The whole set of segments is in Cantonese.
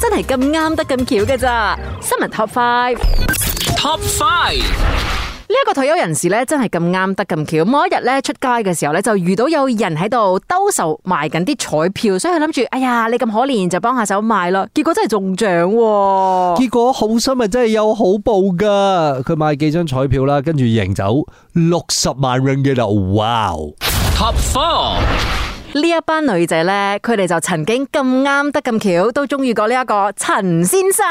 真係咁啱得咁巧嘅咋？新聞 Top Five，Top Five 呢一個退休人士咧，真係咁啱得咁巧。某一日咧出街嘅時候咧，就遇到有人喺度兜售賣緊啲彩票，所以佢諗住，哎呀，你咁可憐，就幫下手賣咯。結果真係中獎，啊，結果好心啊，真係有好報噶。佢買幾張彩票啦，跟住贏走六十萬 ringgit 啦，哇！Top Four。呢一班女仔呢，佢哋就曾經咁啱得咁巧，都中意過呢一個陳先生。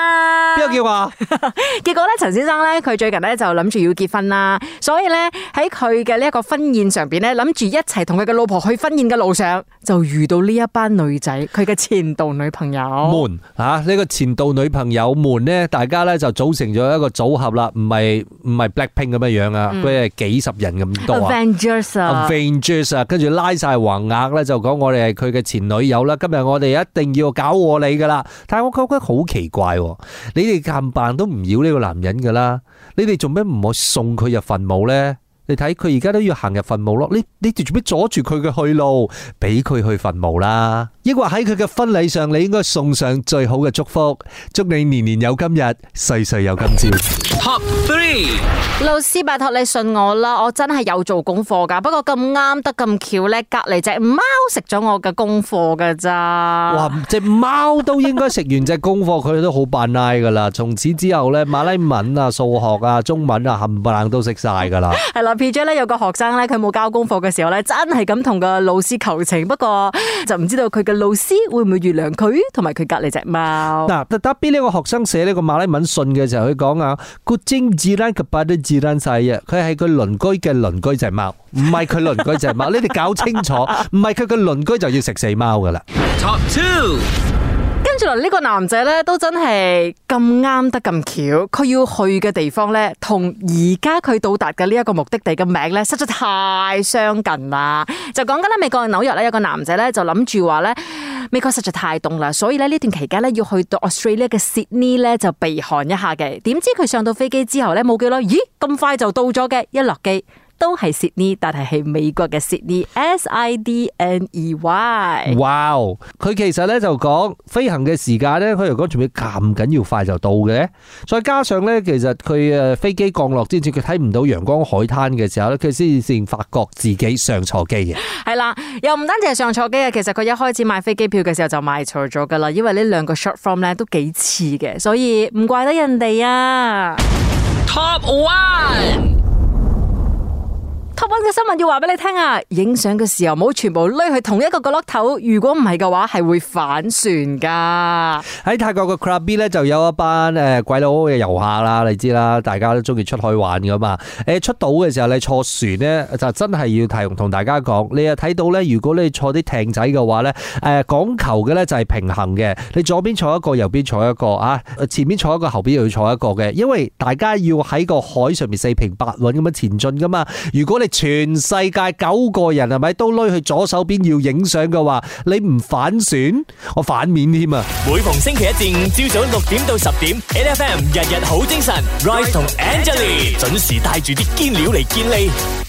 邊個叫啊？ 結果呢，陳先生呢，佢最近呢，就諗住要結婚啦，所以呢，喺佢嘅呢一個婚宴上邊呢，諗住一齊同佢嘅老婆去婚宴嘅路上，就遇到呢一班女仔，佢嘅前度女朋友們嚇。呢、啊呢個前度女朋友們呢，大家呢，就組成咗一個組合啦，唔係。唔係 blackpink 咁樣樣啊，佢係、嗯、幾十人咁多啊。跟住 Avengers, Avengers, 拉晒橫額咧，就講我哋係佢嘅前女友啦。今日我哋一定要搞過你噶啦。但係我覺得好奇怪，你哋冚唪唥都唔要呢個男人噶啦，你哋做咩唔去送佢入墳墓咧？你睇佢而家都要行入墳墓咯，你你哋做咩阻住佢嘅去路，俾佢去墳墓啦？抑或喺佢嘅婚禮上，你應該送上最好嘅祝福，祝你年年有今日，歲歲有今朝。Top three，老師，拜託你信我啦，我真係有做功課噶，不過咁啱得咁巧，呢隔籬隻貓食咗我嘅功課噶咋？哇，隻貓都應該食完隻功課，佢都好扮賴噶啦。從此之後咧，馬來文啊、數學啊、中文啊，冚唪唥都識晒噶啦。係啦。P.J. 咧有個學生咧，佢冇交功課嘅時候咧，真係咁同個老師求情。不過就唔知道佢嘅老師會唔會原諒佢，同埋佢隔離隻貓。嗱、啊，特登畀呢個學生寫呢個馬拉文信嘅時候，佢講啊，個精子丹佢白都字丹細嘅，佢係佢鄰居嘅鄰居隻貓，唔係佢鄰居隻貓。 你哋搞清楚，唔係佢嘅鄰居就要食死貓噶啦。 跟住呢個男仔咧，都真係咁啱得咁巧，佢要去嘅地方咧，同而家佢到達嘅呢一個目的地嘅名咧，實在太相近啦。就講緊啦，美國嘅紐約咧，有個男仔咧就諗住話咧，美國實在太凍啦，所以咧呢段期間咧要去到 Australia 嘅 Sydney 咧就避寒一下嘅。點知佢上到飛機之後咧，冇幾耐，咦咁快就到咗嘅，一落機。都係 Sydney 但係係美國嘅 Sydney，S I D N E Y。哇！佢其實咧就講飛行嘅時間咧，佢又講仲要咁緊要快就到嘅。再加上咧，其實佢誒飛機降落之前，佢睇唔到陽光海灘嘅時候咧，佢先至先發覺自己上錯機嘅。係啦， 又唔單止係上錯機啊！其實佢一開始買飛機票嘅時候就買錯咗噶啦，因為呢兩個 short form 咧都幾似嘅，所以唔怪得人哋啊。Top one。個新聞要話俾你聽啊！影相嘅時候唔好全部匿喺同一個角落頭，如果唔係嘅話係會反船噶。喺泰國嘅 club 咧就有一班誒、呃、鬼佬嘅遊客啦，你知啦，大家都中意出去玩噶嘛。誒、呃、出島嘅時候你坐船咧就真係要提同大家講，你又睇到咧，如果你坐啲艇仔嘅話咧，誒、呃、講求嘅咧就係平衡嘅，你左邊坐一個，右邊坐一個啊，前面坐一個，後邊又要坐一個嘅，因為大家要喺個海上面四平八穩咁樣前進噶嘛。如果你全世界九個人係咪都攞去左手邊要影相嘅話，你唔反選，我反面添啊！每逢星期一至五朝早六點到十點，N F M 日日好精神，Ray 同 Angeline 準時帶住啲堅料嚟見你。